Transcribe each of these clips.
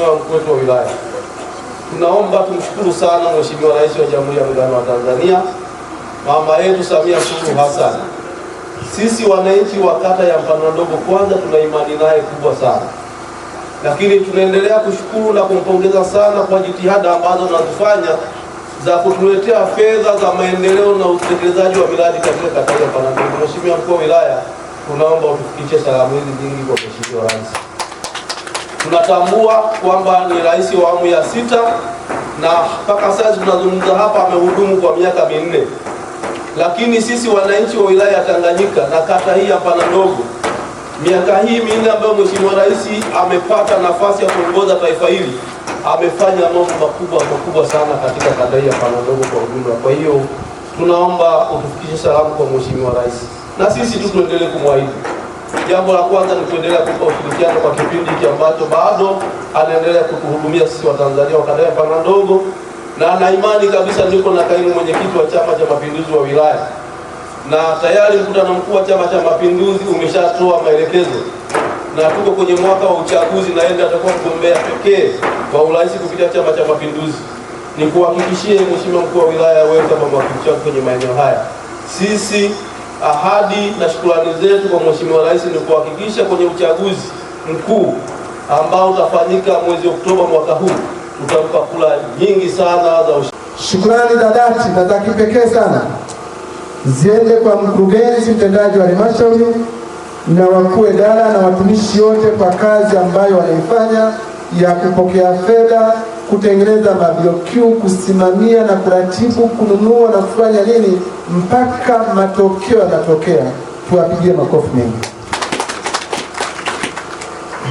Mheshimiwa mkuu wetu wa wilaya, tunaomba tumshukuru sana Mheshimiwa Rais wa Jamhuri ya Muungano wa Tanzania mama yetu Samia Suluhu Hassan. Sisi wananchi wa kata ya Mpanda Ndogo kwanza tuna imani naye kubwa sana, lakini tunaendelea kushukuru na kumpongeza sana kwa jitihada ambazo anazifanya za kutuletea fedha za maendeleo na utekelezaji wa miradi katika kata ya Mpanda Ndogo. Mheshimiwa mkuu wa wilaya, tunaomba utufikishie salamu hizi nyingi kwa Mheshimiwa Rais tunatambua kwamba ni rais wa awamu ya sita na mpaka sasa tunazungumza hapa amehudumu kwa miaka minne, lakini sisi wananchi wa wilaya ya Tanganyika na kata hii ya ndogo miaka hii minne ambayo mheshimiwa rais amepata nafasi ya kuongoza taifa hili amefanya mambo makubwa makubwa sana katika kata hii ya Panandogo kwa ujumla. Kwa hiyo tunaomba utufikishe salamu kwa mheshimiwa rais, na sisi tu tuendelee kumwahidi Jambo la kwanza ni kuendelea kupa ushirikiano kwa kipindi hiki ambacho bado anaendelea kutuhudumia sisi Watanzania wa kanda ya Ndogo, na na imani kabisa, niko na kaimu mwenyekiti wa Chama cha Mapinduzi wa wilaya, na tayari mkutano mkuu wa Chama cha Mapinduzi umeshatoa maelekezo, na tuko kwenye mwaka wa uchaguzi, yeye atakuwa mgombea pekee kwa urais kupitia Chama cha Mapinduzi. Nikuhakikishie Mheshimiwa mkuu wa wilaya wewe kama mwakilishi kwenye maeneo haya sisi ahadi na shukurani zetu kwa Mheshimiwa Rais ni kuhakikisha kwenye uchaguzi mkuu ambao utafanyika mwezi Oktoba mwaka huu tutampa kula nyingi sana za Shukrani za dhati na za kipekee sana ziende kwa mkurugenzi mtendaji wa halmashauri na wakuu idara na watumishi wote kwa kazi ambayo wanaifanya ya kupokea fedha kutengeneza mavyokiu, kusimamia na kuratibu, kununua na kufanya nini mpaka matokeo yanatokea. Tuwapigie makofi mengi.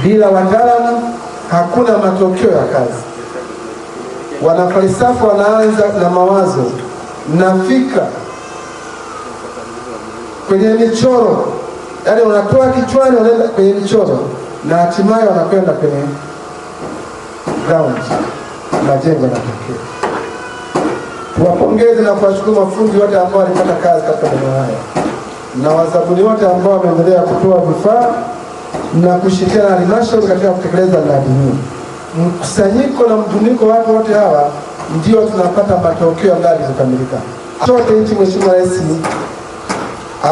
Bila wataalamu hakuna matokeo ya kazi. Wanafalsafa wanaanza na mawazo na fikra kwenye michoro, yaani wanatoa kichwani, wanaenda kwenye michoro na hatimaye wanakwenda kwenye ground majengo yanatokea. Tuwapongeze na kuwashukuru mafundi wote ambao walipata kazi katika maeneo haya na wazabuni wote ambao wameendelea kutoa vifaa na kushirikiana na halmashauri katika kutekeleza mradi huu. Mkusanyiko na mtumiko wa watu wote hawa ndio tunapata matokeo ambayo yalizokamilika chote nchi. Mheshimiwa Rais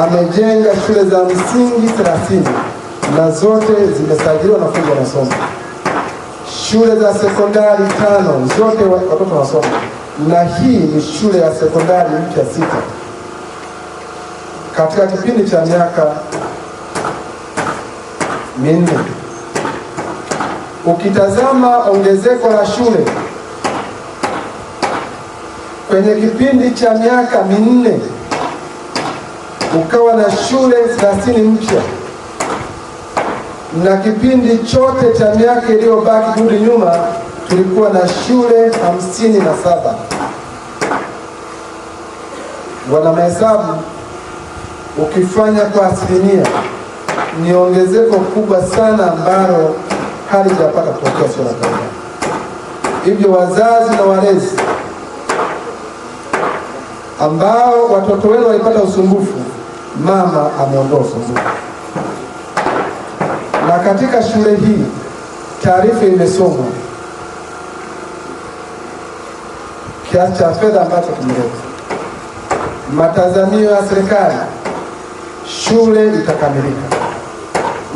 amejenga shule za msingi 30 na zote zimesajiliwa na wanafunzi wanasoma shule za sekondari tano zote watoto wasoma, na hii ni shule ya sekondari mpya sita katika kipindi cha miaka minne. Ukitazama ongezeko la shule kwenye kipindi cha miaka minne, ukawa na shule thelathini mpya na kipindi chote cha miaka iliyobaki kurudi nyuma tulikuwa na shule hamsini na saba. Wana mahesabu, ukifanya kwa asilimia ni ongezeko kubwa sana ambalo halijapata kutokea sura kawaida. Hivyo wazazi na walezi ambao watoto wenu walipata usumbufu, mama ameondoa usumbufu katika shule hii taarifa imesomwa kiasi cha fedha ambacho kimeleta matazamio ya serikali, shule itakamilika.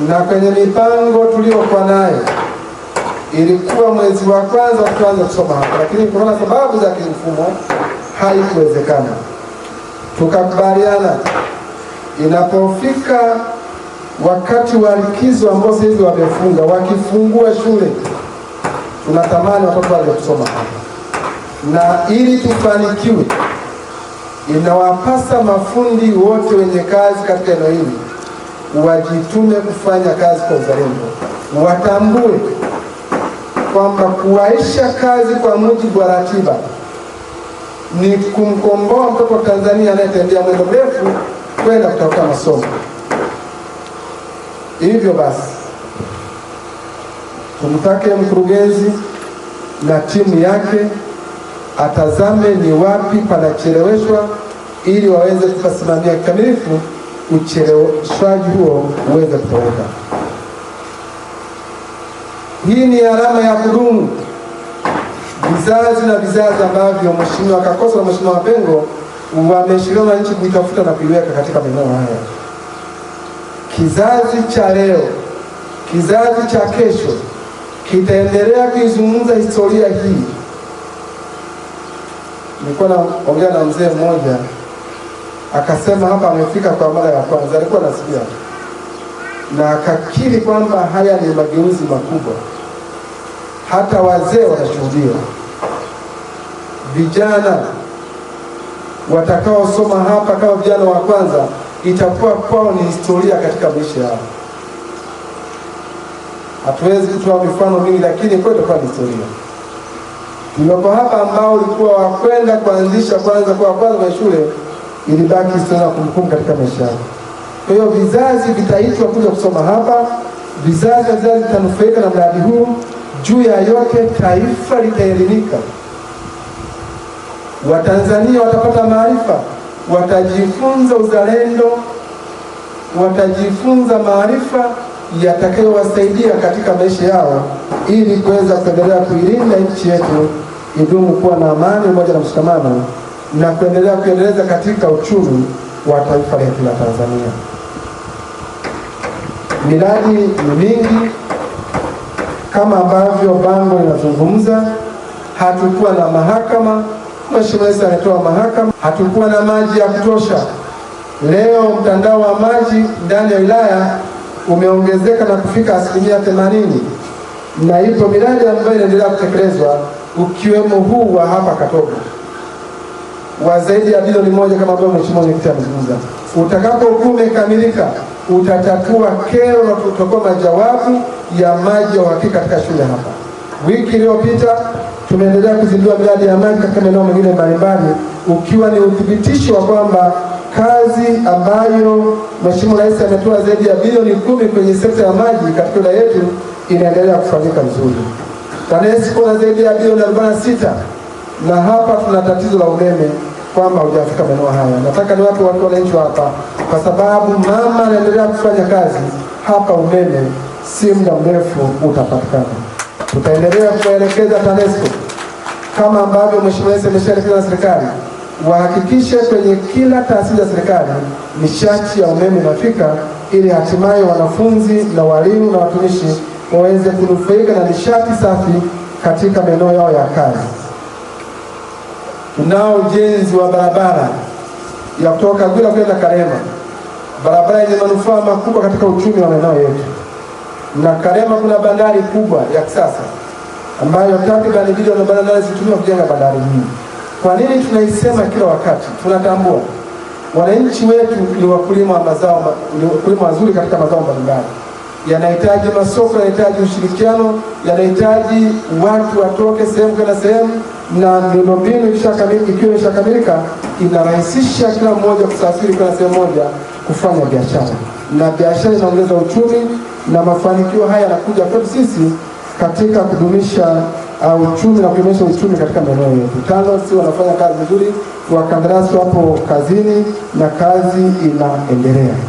Na kwenye mipango tuliyokuwa nayo ilikuwa mwezi wa kwanza tuanze kusoma hapa, lakini kutokana sababu za kimfumo haikuwezekana. Tukakubaliana inapofika wakati wa likizo ambao sasa hivi wamefunga, wakifungua shule tunatamani watoto waje kusoma hapa, na ili tufanikiwe, inawapasa mafundi wote wenye kazi katika eneo hili wajitume kufanya kazi kwa uzalendo, watambue kwamba kuwaisha kazi kwa mujibu wa ratiba ni kumkomboa mtoto wa Tanzania anayetembea mwendo mrefu kwenda kutafuta masomo. Hivyo basi tumtake mkurugenzi na timu yake atazame ni wapi panacheleweshwa ili waweze kukasimamia kikamilifu ucheleweshwaji huo uweze kutoweka. Hii ni alama ya kudumu vizazi na vizazi ambavyo Mheshimiwa Kakoso na Mheshimiwa Wapengo wameshiriwa na nchi kuitafuta na kuiweka katika maeneo haya. Kizazi cha leo, kizazi cha kesho kitaendelea kuizungumza historia hii. Nilikuwa naongea na mzee mmoja akasema hapa amefika kwa mara ya kwanza, alikuwa nasikia na akakiri kwamba haya ni mageuzi makubwa, hata wazee wanashuhudia. Vijana watakaosoma hapa kama vijana wa kwanza itakuwa kwao ni historia katika maisha yao. Hatuwezi kutoa mifano mingi, lakini kwa itakuwa ni historia. Nilipo hapa ambao ulikuwa wakwenda kuanzisha kwanza kwa kwanza kwa shule, ilibaki sana kumbukumbu katika maisha yao. Kwa hiyo vizazi vitaitwa kuja kusoma hapa, vizazi vizazi vitanufaika na mradi huu. Juu ya yote, taifa litaelimika, Watanzania watapata maarifa watajifunza uzalendo, watajifunza maarifa yatakayowasaidia katika maisha yao ili kuweza kuendelea kuilinda nchi yetu idumu kuwa na amani, umoja na mshikamano na kuendelea kuendeleza katika uchumi wa taifa letu la Tanzania. Miradi ni mingi kama ambavyo bango linazungumza, hatukuwa na mahakama Mheshimiwa Rais anatoa mahakama, hatukuwa na maji ya kutosha. Leo mtandao wa maji ndani ya wilaya umeongezeka na kufika asilimia themanini na ipo miradi ambayo inaendelea kutekelezwa ukiwemo huu wa hapa Katobo wa zaidi ya bilioni moja kama ambavyo mheshimiwa mwenyekiti amezungumza. Utakapokuwa umekamilika, utatatua kero na kutokoa majawabu ya maji ya uhakika katika shule hapa. Wiki iliyopita tumeendelea kuzindua miradi ya maji katika maeneo mengine mbalimbali, ukiwa ni uthibitisho wa kwamba kazi ambayo Mheshimiwa Rais ametoa zaidi ya bilioni kumi kwenye sekta ya maji katika wilaya yetu inaendelea kufanyika vizuri. TANESCO na zaidi ya bilioni arobaini na sita na hapa tuna tatizo la umeme kwamba hujafika maeneo haya. Nataka ni watu watu wananchi hapa, kwa sababu mama anaendelea kufanya kazi hapa, umeme si muda mrefu utapatikana. Tutaendelea kuwaelekeza TANESCO kama ambavyo mheshimiwa rais ameshaelekeza na serikali wahakikishe kwenye kila taasisi ya serikali nishati ya umeme inafika, ili hatimaye wanafunzi na walimu na watumishi waweze kunufaika na nishati safi katika maeneo yao ya kazi. Tunao ujenzi wa barabara ya kutoka gwila kwenda Karema, barabara yenye manufaa makubwa katika uchumi wa maeneo yetu, na Karema kuna bandari kubwa ya kisasa ambayo takribani bilioni arobaini na nane zilitumiwa kujenga bandari hii. Kwa nini tunaisema kila wakati? Tunatambua wananchi wetu ni wakulima wa mazao, ni wakulima wazuri katika mazao mbalimbali, yanahitaji masoko, yanahitaji ushirikiano, yanahitaji watu watoke sehemu kwenda sehemu, na miundombinu ikiwa ishakamilika inarahisisha kila mmoja kusafiri kwenda sehemu moja kufanya biashara, na biashara inaongeza uchumi, na mafanikio haya yanakuja kwetu sisi katika kudumisha uh, uchumi na kuimarisha uchumi katika maeneo yetu. TANROADS wanafanya kazi nzuri, wakandarasi wapo kazini na kazi inaendelea.